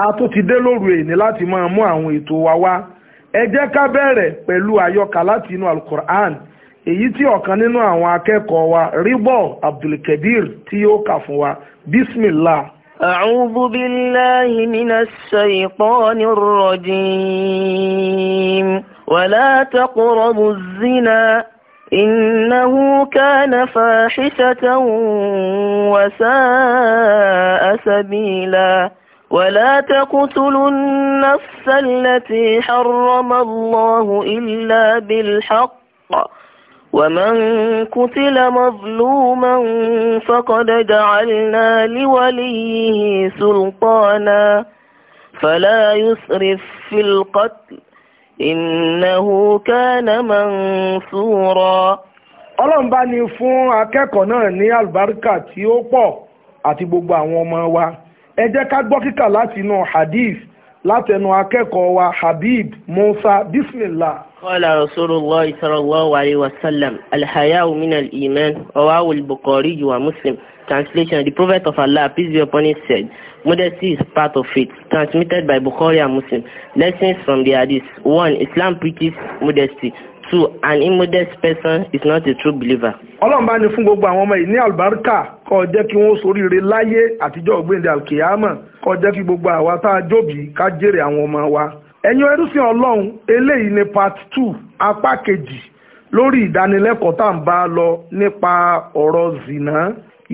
a tó ti dé lóru èní láti máa mú àwọn ètò wa wá ẹ jẹ́ ká bẹ̀rẹ̀ pẹ̀lú àyọkà láti inú alukur'an èyí tí ọ̀kan nínú àwọn akẹ́kọ̀ọ́ wa Ribọ Abdulkadir tí yóò kà fún wa bismillah. أعوذ بالله من الشيطان الرجيم ولا تقربوا الزنا إنه كان فاحشة وساء سبيلا ولا تقتلوا النفس التي حرم الله إلا بالحق ومن قتل مظلوما فقد جعلنا لوليه سلطانا فلا يسرف في القتل إنه كان منصورا ọlọ́run bá ní fún akẹ́kọ̀ọ́ náà ní àlùbáríkà tí ó pọ̀ àti gbogbo àwọn ọmọ wa ẹ jẹ́ ká gbọ́ kíkà láti inú hadith látẹnu akẹ́kọ̀ọ́ wa habib musa bismillah. qala rasulullah sallallahu alayhi wa sallam alhayahu min al-iman rawahu al-bukhari wa muslim translation the prophet of allah peace be upon him said modesty is part of faith transmitted by bukhari and muslim lessons from the hadith one islam preaches modesty to an immodest person is not a true believer. ọlọ́run bá fún gbogbo àwọn ọmọ yìí ní àlùbáríkà kó jẹ́ kí wọ́n ṣoríire láyé àtijọ́ ọ̀gbìndé alkiyama kó jẹ́ kí gbogbo àwa tá a jóbi ká jèrè àwọn ọmọ wa. ẹ̀yin ẹrúsìn ọlọ́run eléyìí ni part two apá kejì lórí ìdánilẹ́kọ̀ọ́ tá à ń bá a lọ nípa ọ̀rọ̀ zina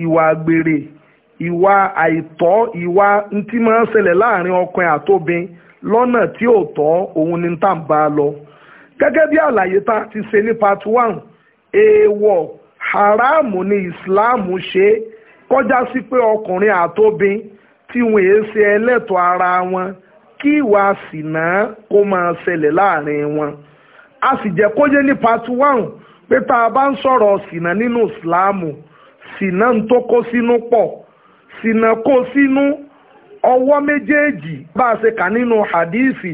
ìwà àgbèrè ìwà àìtọ́ ìwà ntí máa ń ṣẹlẹ̀ láàrin ọkùnrin àtobin lọ́nà tí ò tọ́ òun ni tá à ń bá a lọ. gẹ́gẹ́ bí àlàyé tá ti ṣe ní part one èèwọ̀ haramu ni Islam ṣe kọjá sí pé ọkùnrin àtóbin tí wọn èé ṣe ẹlẹ́tọ̀ ara wọn kí ìwà ṣìnà kó máa ṣẹlẹ̀ láàrin wọn a sì jẹ́ kóyé ní part one pé tá a bá ń sọ̀rọ̀ ṣìnà nínú Islam ṣìnà ń tó kó sínú pọ̀ ṣìnà kó sínú ọwọ́ méjèèjì bá a ṣe kà nínú hadithi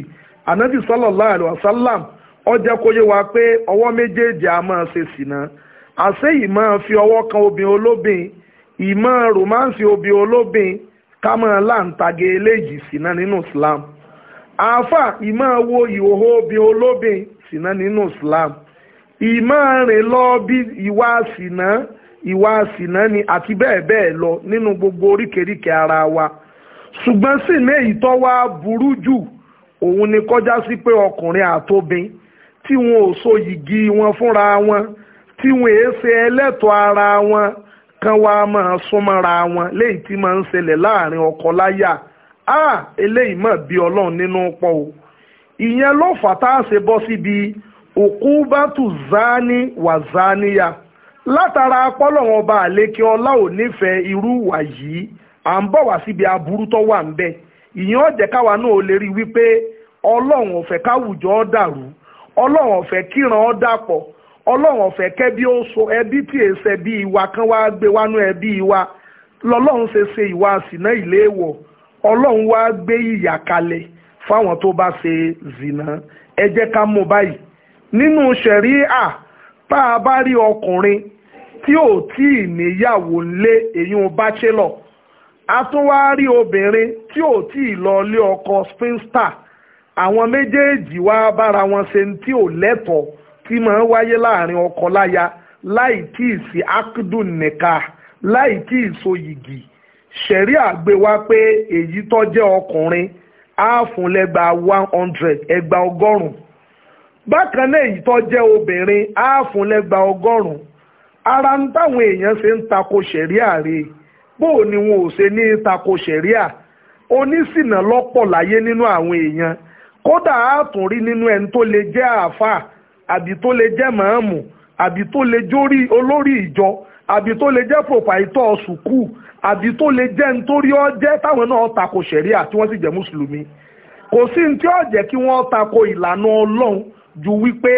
anabi sallallahu alayhi wa sallam ọ jẹ́ wa pé ọwọ́ méjèèjì a máa ṣe sìnà àṣé ìmọ̀ fi ọwọ́ kan obìnrin olóbìn ìmọ̀ rọ̀mánsì obìnrin olóbìn ká máa láǹtagé eléyìí sìnà nínú Islam àáfà ìmọ̀ wo ìhòòhò obìnrin olóbìn sìnà nínú Islam ìmọ̀ rìn lọ bí ìwà sìnà ìwà ni àti bẹ́ẹ̀ bẹ́ẹ̀ lọ nínú gbogbo oríkèéríkèé ara wa ṣùgbọ́n sì ní burú jù òun ni kọjá sí pé ọkùnrin tí wọn ò so yìgì wọn fúnra wọn tí wọn èé ṣe ẹlẹ́tọ̀ọ́ ara wọn kan wá máa súnmọ́ra wọn léyìí tí máa ń ṣẹlẹ̀ láàrin ọkọ láyà á eléyìí mọ̀ bí ọlọ́run nínú pọ̀ o ìyẹn ló fà tá a ṣe bọ́ síbi òkú bá tù zání wà záníyà látara apọ́lọ́wọ́n ọba àlékè ọlá ò nífẹ̀ẹ́ irú wà yìí à ń bọ̀ wá síbi aburú tó wà ń bẹ̀ ìyẹn ọ̀jẹ̀ káwa náà ò lè rí wípé ọlọ́run ò fẹ́ káwùjọ dàrú ọlọ́run ọ̀fẹ́ kíran ọ́ dàpọ̀ ọlọ́run ọ̀fẹ́ kẹ́bí ó so ẹbí tí èsì ẹbí ìwà kan wá gbé wánú ẹbí ìwà lọ́lọ́run ṣe ṣe ìwà àsìná ìléèwọ̀ ọlọ́run wá gbé ìyà kalẹ̀ fáwọn tó bá ṣe zìnà ẹ jẹ́ ká mú báyìí nínú ṣẹ̀rí à tá a bá rí ọkùnrin tí ò tí ì níyàwó lé èyún bachelor a tún wá rí obìnrin tí ò tí ì lọ lé ọkọ spinster àwọn méjèèjì wá bára wọn ṣe tí ò lẹ́tọ̀ọ́ tí máa ń wáyé láàrin ọkọ láya láì tí ì sí akdun nìka láì tí ì so yìgì ṣẹ̀rí àgbẹ̀ wá pé èyí tó jẹ́ ọkùnrin á fún lẹ́gba one hundred ẹgba ọgọ́rùn-ún bákan náà èyí tó jẹ́ obìnrin á ọgọ́rùn-ún ara ń táwọn èèyàn ṣe ń tako ṣẹ̀ríà rè bó ni wọn ò ṣe ní tako ṣẹ̀ríà onísìnà lọ́pọ̀ láyé nínú àwọn èèyàn kódà a tún rí nínú ẹni tó lè jẹ́ àáfàá àbí tó lè jẹ́ màámù àbí tó lè jórí olórí ìjọ àbí tó lè jẹ́ pòpáìtọ́ sùkú àbí tó lè jẹ́ nítorí ọjẹ́ táwọn náà tako ṣẹ̀ríà tí wọ́n sì jẹ́ mùsùlùmí kò sí ní tí ó jẹ́ kí wọ́n tako ìlànà ọlọ́run ju wípé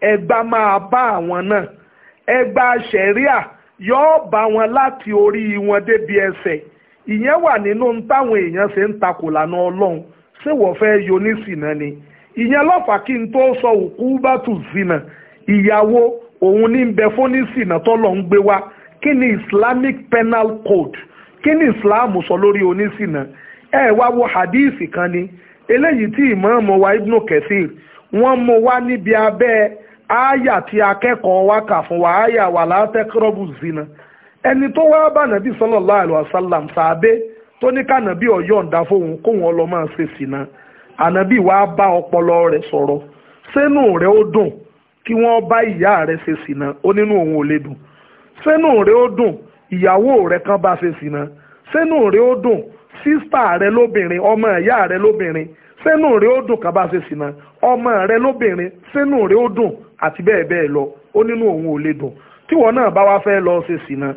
ẹgbà wọn láti orí wọn débi ẹsẹ̀ ìyẹn wà nínú táwọn èèyàn ṣe ń tako ìlànà se wọ́n fẹ́ yọ ní ni ìyẹn lọ́fà kí n tó sọ òkú bá tù sínà ìyàwó òun ní bẹ fún ní sìnà ń gbé wá kí ni Islamic Penal Code kí ni Islam sọ lórí onísìnà ẹ wá wo hadisi kan ni eléyìí tí ìmáàmù wa Ibn Kathir wọ́n mú wá níbi abẹ́ ááyà tí akẹ́kọ̀ọ́ wa kà fún wa ááyà wà látẹ́kọ́rọ́bù zina ẹni tó wá bá nàbí sallallahu alaihi wasallam tó ní kànábì ọ̀yọ̀ǹda fóun kóun ọlọ́ máa ṣe sìnà ànábì wàá bá ọpọlọ rẹ̀ sọ̀rọ̀ sẹ́nu rẹ̀ ó dùn kí wọ́n bá ìyá rẹ̀ ṣe sìnà ó nínú òun ò lè dùn sẹ́nu rẹ̀ ó dùn ìyàwó rẹ̀ kan bá ṣe sìnà sẹ́nu rẹ̀ ó dùn sísítà rẹ̀ lóbìnrin ọmọ ìyá rẹ̀ lóbìnrin sẹ́nu rẹ̀ ó dùn kan bá ṣe sìnà ọmọ rẹ̀ lóbìnrin sẹ́nu rẹ̀ ó dùn àti bẹ́ẹ̀ bẹ́ẹ̀ lọ ó nínú òun ò lè dùn tíwọ náà bá wá fẹ́ lọ ṣe sìnà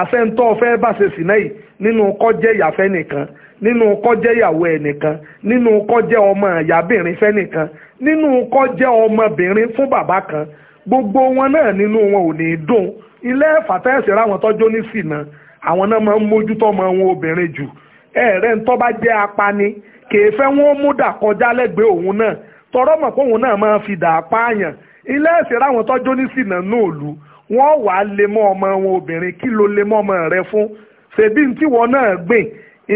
àṣẹ ń tọ́ fẹ́ bá ṣe sìnà yìí nínú kọjẹ́ ìyàfẹ́ nìkan nínú kọjẹ́ ìyàwó ẹnìkan nínú jẹ ọmọ ìyàbìnrin fẹ́nìkan nínú jẹ ọmọbìnrin fún bàbá kan gbogbo wọn náà nínú wọn ò ní dùn ilé fàtẹ́sì ráwọn tọjọ ní sìnà àwọn náà máa ń mójútó ọmọ wọn obìnrin jù ẹ̀ẹ́rẹ́ ń tó bá jẹ́ apani kèé fẹ́ wọn mú dà kọjá lẹ́gbẹ̀ẹ́ òun náà tọrọ mọ̀ pé òun náà máa fi dà pààyàn ilé ẹ̀sìn ráwọn tọ́jú ní sìnà náà lù wọ́n wà á ọmọ wọn obìnrin kí ló lè ọmọ rẹ fún ṣèbí tí wọn náà gbìn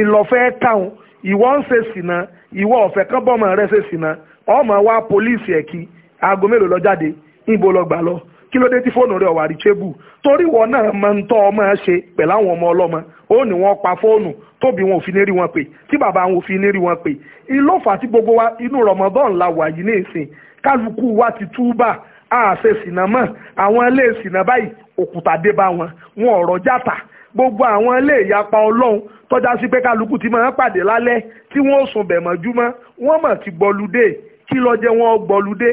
ìlọ́fẹ́ táwọn ìwọ ń ṣe sìnà ìwọ ọ̀fẹ́ kan rẹ ṣe sìnà ọmọ wa pólíìsì ẹ̀kí aago mélòó lọ jáde níbo lọ gbà lọ kí ló dé tí fóònù rẹ ọ̀wà rìchébù torí wọn náà máa ń tọ́ ọmọ ṣe pẹ̀lú àwọn ọmọ ọlọ́mọ ó ní wọ́n pa fóònù tóbi wọn ò fi ní rí wọn pè tí bàbá wọn ò fi ní rí wọn pè ìlọ́fà tí gbogbo wa inú rọmọdán la wà yìí ní ìsìn kálukú wa ti túbà àṣẹ sìnà mọ́ àwọn ilé ìsìnà báyìí òkúta dé bá wọn wọn ọ̀rọ̀ játa gbogbo àwọn ilé ìyapa ọlọ́run tọ́já sí pé kálukú ti máa ń pàdé lálẹ́ tí wọ́n sùn bẹ̀ mọ́júmọ́ wọ́n mọ̀ ti gbọ́lúdé kí ló jẹ́ wọ́n gbọ́lúdé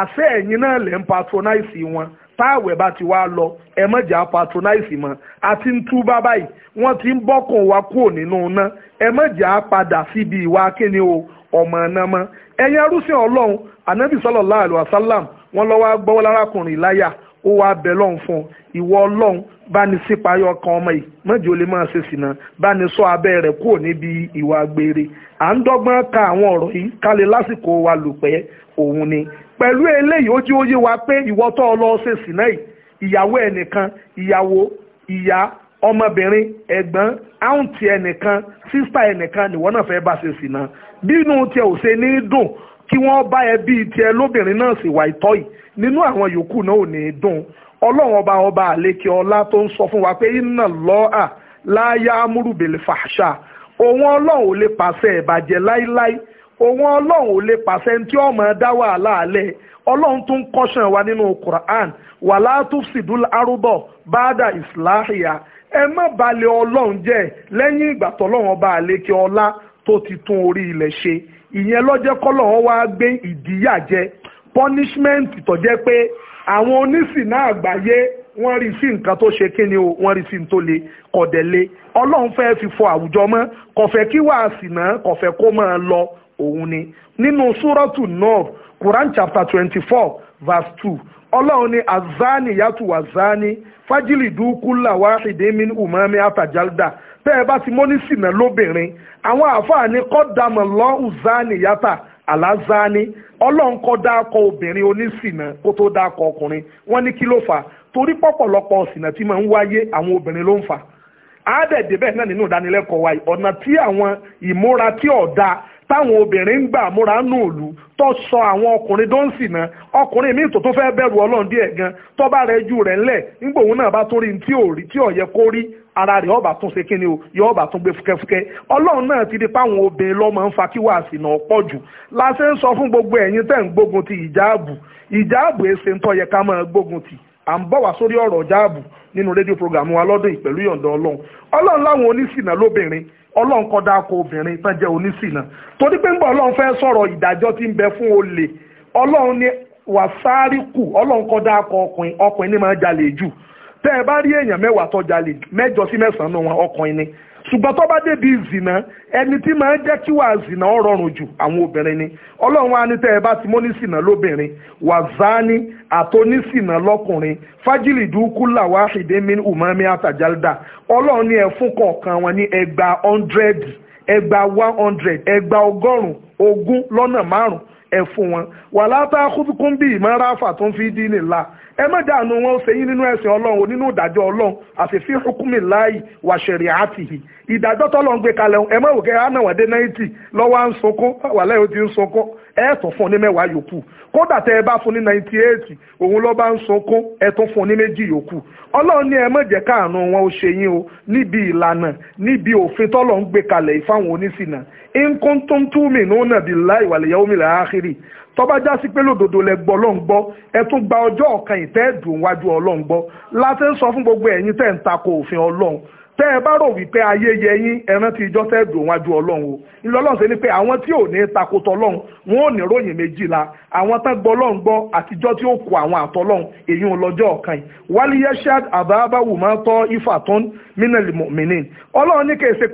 àṣẹ ẹ̀yìn náà lẹ́ ń patronize wọn táàwẹ̀ bá ti wá lọ ẹ mọ̀jà patronize mọ́ àti ń túbá báyìí wọ́n ti ń bọ́kàn wa kúrò nínú iná ẹ mọ̀jà padà síbi ìwà kíni o ọmọ iná mọ́ ẹ̀yin arúsìn ọlọ́run ànábì sallallahu alaihi wasallam wọ́n lọ́wọ́ gbọ́wọ́ lárákùnrin láyà ó wá bẹ lọ́hùn fún ìwọ ọlọ́hùn bá ní sípayọ ọkàn ọmọ yìí mọ́jì ó lè máa ṣe sìnà bá ní sọ abẹ́ rẹ̀ kúrò níbi ìwà àgbèrè à ń dọ́gbọ́n ka àwọn ọ̀rọ̀ yìí kálẹ̀ lásìkò wa lùpẹ́ òun ni pẹ̀lú eléyìí ó jẹ́ ó yé wa pé ìwọ tó ọ lọ ṣe sìnà yìí ìyàwó ẹnìkan ìyàwó ìyá ọmọbìnrin ẹ̀gbọ́n áùntì ẹnìkan sísítà ẹnìkan nìwọ náà fẹ́ bá ṣe sìnà bínú tiẹ̀ ò ṣe ní dùn kí wọ́n bá ẹbí tiẹ̀ lóbìnrin náà sì wà ìtọ́ yìí nínú àwọn yòókù náà ò ní í dùn ọlọ́run ọba ọba àlékè ọlá tó ń sọ fún wa pé iná lọ́à láyà amúrùbèlè fàṣà òun ọlọ́run ò lè pàṣẹ ìbàjẹ́ láíláí òun ọlọ́run ò lè pàṣẹ tí ọmọ dá wàhálà alẹ́ ọlọ́run tún kọ́ṣàn wa nínú Quran wàlá tufsidul arúbọ̀ báàdà ìsìláhìyà ẹ má balẹ̀ ọlọ́run jẹ́ lẹ́yìn ìgbà tọ́lọ́run ọba àlékè ọlá tó ti tún orí ilẹ̀ ṣe ìyẹn lọ́jẹ́ kọ́lọ̀ wá gbé ìdíyà jẹ punishment tó jẹ́ pé àwọn onísìn náà àgbáyé wọ́n rí sí nǹkan tó ṣe kí ni o wọ́n rí sí n tó le kọ̀dẹ̀lé ọlọ́run fẹ́ fi fọ àwùjọ mọ́ kọ̀fẹ́ kí wàá sì náà kọ̀fẹ́ kó máa lọ òun ni nínú súrọ́tù náà Quran chapter twenty four verse two ọlọ́run ni azani yàtù wazani fájìlì dúkúlà wáhìdí min umami atajalda tẹ́ ẹ bá ti mọ́ ní sìnà lóbìnrin àwọn àáfàá ní kọ́dàmọ̀ lọ́hùn zani yàtà àlázání ọlọ́run kọ́ dákọ̀ obìnrin onísìnà kó tó dákọ̀ ọkùnrin wọ́n ní kí ló fà torí pọ̀pọ̀lọpọ̀ ọ̀sìnà tí máa ń wáyé àwọn obìnrin ló ń fà àádẹ́ẹ̀dẹ́ bẹ́ẹ̀ náà nínú ìdánilẹ́kọ̀ọ́ wa ọ̀nà tí àwọn ìmúra tí ọ̀dà táwọn obìnrin ń gbà múra nù òlu tó sọ àwọn ọkùnrin tó rẹ ju rẹ̀ ńlẹ̀ nígbà òun náà bá tó rí tí ò ara rẹ̀ ọba tún ṣe kíni o yọ ọba tún gbé fúkẹ́fúkẹ́ ọlọ́run náà ti di páwọn obìnrin ma ń fa kí wa náà pọ̀ jù láṣẹ ń sọ fún gbogbo ẹ̀yin tẹ́ ń gbógun ti ìjáàbù ìjáàbù èsè ń tọ́yẹ ká máa gbógun ti à ń bọ̀ wá sórí ọ̀rọ̀ ìjáàbù nínú rédíò programu wa lọ́dún ìpẹ̀lú yọ̀ǹda ọlọ́run ọlọ́run láwọn lóbìnrin ọlọ́run obìnrin tán jẹ́ torí pé ń bọ̀ ọlọ́run fẹ́ sọ̀rọ̀ ìdájọ́ tí ń bẹ jalè jù tẹ́ ẹ bá rí èèyàn mẹ́wàá tó jalè mẹ́jọ sí mẹ́sàn-án wọn ọkùnrin ni ṣùgbọ́n tó bá débi zìnà ẹni tí máa ń jẹ́ kí wàá zìnà ọ rọrùn jù àwọn obìnrin ni ọlọ́run wa ni tẹ́ ẹ bá ti mọ́ ní lóbìnrin wà umami ọlọ́run ẹ fún kọ̀ọ̀kan wọn ní hundred one ẹ má dànù wọn ó ṣe yín nínú ẹ̀sìn ọlọ́run nínú ìdájọ́ ọlọ́run àfẹ́fí hukumi láì wà ṣẹ̀rì àtìhì ìdájọ́ tọ́lọ́run gbé kalẹ̀ ẹ má wò kẹ́ hánà wọ́n náìtì lọ́wọ́ à ń sunkún wàhálà yóò ti ń sunkún ẹ tún fún ní mẹ́wàá yòókù kódà tẹ́ ẹ bá fún ní náìtì éètì òun lọ́ bá ń ẹ tún fún ní méjì yòókù ẹ má wọn ó ṣe yín o níbi ìlànà tọ́ba já sí pé lòdòdó lẹ gbọ́ ọlọ́run gbọ́ ẹ tún gba ọjọ́ ọ̀kan ìtẹ́ dùn wájú ọlọ́run gbọ́ láti ń sọ fún gbogbo ẹ̀yin tẹ́ ń takò òfin ọlọ́run tẹ́ ẹ bá rò wípé ayé yẹ yín ẹran ti ìjọ tẹ́ dùn wájú ọlọ́run o ìlọ́lọ́run ṣe ni pé àwọn tí ò ní takò tọlọ́run wọn ò ní ròyìn méjìlá àwọn tán gbọ́ ọlọ́run gbọ́ àtijọ́ tí ó kó àwọn àtọlọ́run èyí ń lọ́jọ́ ọ̀kan yìí wálíyẹ́ṣád àbábáwù máa tọ́ ìfàtún mínàlì mọ̀mìnì ọlọ́run ní kèsì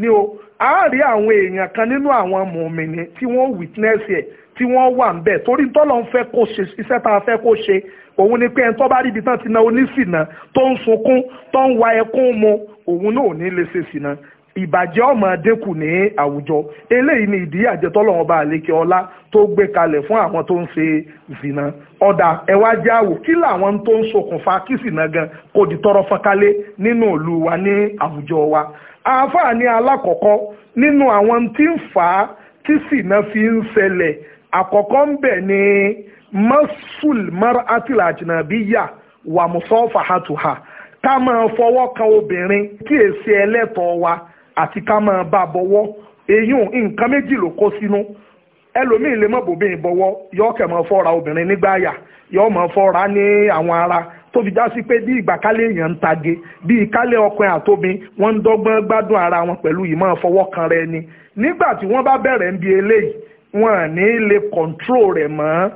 ni o a rí àwọn èèyàn kan nínú àwọn mùmìnì tí wọ́n witness ẹ̀ tí wọ́n wà ń bẹ̀ torí tọ́lọ̀ ń fẹ́ kó ṣe iṣẹ́ tá a fẹ́ kó ṣe òun ni pé ẹni tó bá rí ibi tán ti na oníṣìnà tó ń sunkún tó ń wa ẹkún mu òun náà ò ní lè ṣe ṣìnà ìbàjẹ́ ọmọ dínkù ní àwùjọ eléyìí ni ìdí àjẹtọ́lọ̀ ọba àlekè ọlá tó gbé kalẹ̀ fún àwọn tó ń ṣe zìnà ọ̀dà ẹ̀wá àwò kí làwọn tó ń ṣokùnfà kí zìnà gan kò di tọrọ fọ́nkálé nínú ìlú wa ní àwùjọ wa àáfàá ní alákọ̀ọ́kọ́ nínú àwọn tí ń fà á tí sìnà fi ń ṣẹlẹ̀ àkọ́kọ́ ń bẹ̀ ni masul mar'atil wa musofa musafahatuha ká máa fọwọ́ kan obìnrin tí èsì ẹlẹ́tọ̀ọ́ wa àti ká máa bá bọ̀wọ́ èyún nǹkan méjì ló kó sínú ẹlòmíín lè mọ̀ bòbí ìbọ̀wọ́ yọ kẹ̀ máa fọ́ra obìnrin nígbà àyà yọ máa fọ́ra ní àwọn ara tó fi já sí pé bí ìgbà kálẹ̀ èèyàn ń tage bí ìkálẹ̀ ọkùnrin àtòbí wọ́n ń dọ́gbọ́n gbádùn ara wọn pẹ̀lú ìmọ̀ fọwọ́ kan rẹ ni nígbà tí wọ́n bá bẹ̀rẹ̀ ń bi eléyìí wọn ní lè control rẹ̀ mọ́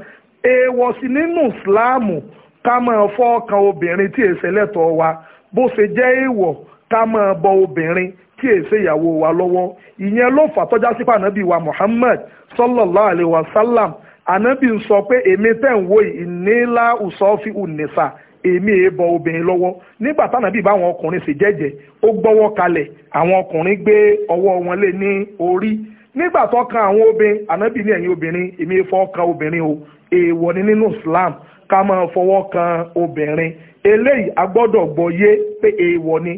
èèwọ̀ sí nínú ìsìláàmù ká máa fọ́ ọkàn obìnrin tí èsè lẹ́tọ̀ọ́ wa bó ṣe jẹ́ èèwọ̀ ká máa bọ obìnrin tí èsè ìyàwó wa lọ́wọ́ ìyẹn ló fà tọ́já sí pànábì wa Muhammad sallallahu alayhi wa sallam ànábì ń sọ pé èmi tẹ̀ ń wo ìnílá ùsọ́fì ùnìsà èmi èé bọ obìnrin lọ́wọ́ nígbà tánàbí bá àwọn ọkùnrin sì jẹ́jẹ́ ó gbọ́wọ́ kalẹ̀ àwọn ọkùnrin gbé ọwọ́ wọn lé ní orí nígbà tó kan àwọn obìnrin ànábì ní ẹ̀yìn obìnrin èmi èé fọ́ kan obìnrin o èèwọ̀ ni nínú Islam ká máa fọwọ́ kan obìnrin eléyìí a gbọ́dọ̀ gbọ́ yé pé èèwọ̀ ni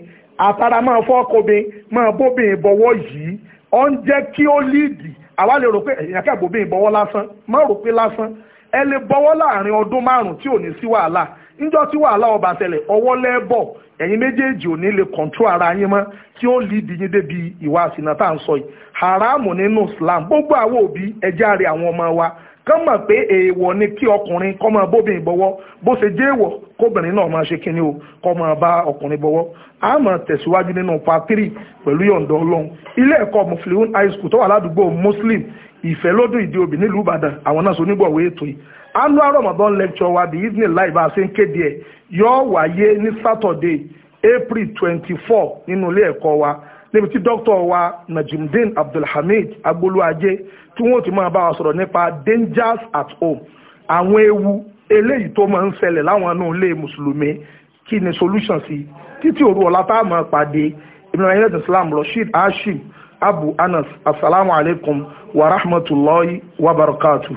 àtàrà máa fọ́ ọkọ̀bìn máa bóbìnrin bọ̀wọ́ yìí ó ń jẹ́ kí ó líìdì àwa lè rò pé èèyàn kẹ́ bóbìnrin bọ̀wọ́ lásán má rò pé lásán ẹ lè bọ̀wọ́ láàrin ọdún márùn tí ò ní sí wàhálà níjọ́ tí wàhálà ọba ṣẹlẹ̀ ọwọ́ lẹ́bọ̀ ẹ̀yin méjèèjì ò ní lè kọ̀ǹtró ara yín mọ́ tí ó lè dìyín débi ìwà àsìnà tá à ń sọ yìí haramu nínú Islam gbogbo àwọn òbí ẹjẹ́ àrẹ àwọn ọmọ wa kán mọ̀ pé èèwọ̀ ni kí ọkùnrin kọ́ máa bóbìnrin bọ́wọ́ bó ṣe jẹ́ èèwọ̀ kóbìnrin náà máa ṣe kíni o kọ́ máa bá ọkùnrin bọ́wọ́ a máa tẹ̀síwájú nínú papiri pẹ̀lú yọ̀ǹda ọlọ́run ilé ẹ̀kọ́ mufliun high school tó wà ládùúgbò muslim ìfẹ́ lódún ìdí òbí nílùú ìbàdàn àwọn náà sọ onígbọ̀wé ètò yìí annual Ramadan lecture wa the evening live bá a ṣe ń kéde ẹ̀ yóò wáyé ní Saturday April twenty four nínú ilé ẹ̀kọ́ wa níbi tí dókítà wa Najimdeen Abdulhamid Agboluaje tí wọ́n ti máa bá wa sọ̀rọ̀ nípa dangers at home àwọn ewu eléyìí tó máa ń ṣẹlẹ̀ láwọn inú ilé mùsùlùmí kí ni solution sí títí òru ọ̀la tá a máa pàdé ìmìnira ilẹ̀ Islam Rasheed Hashim Abu Anas asalaamualeykum wa rahmatulahi wa barakatuhu.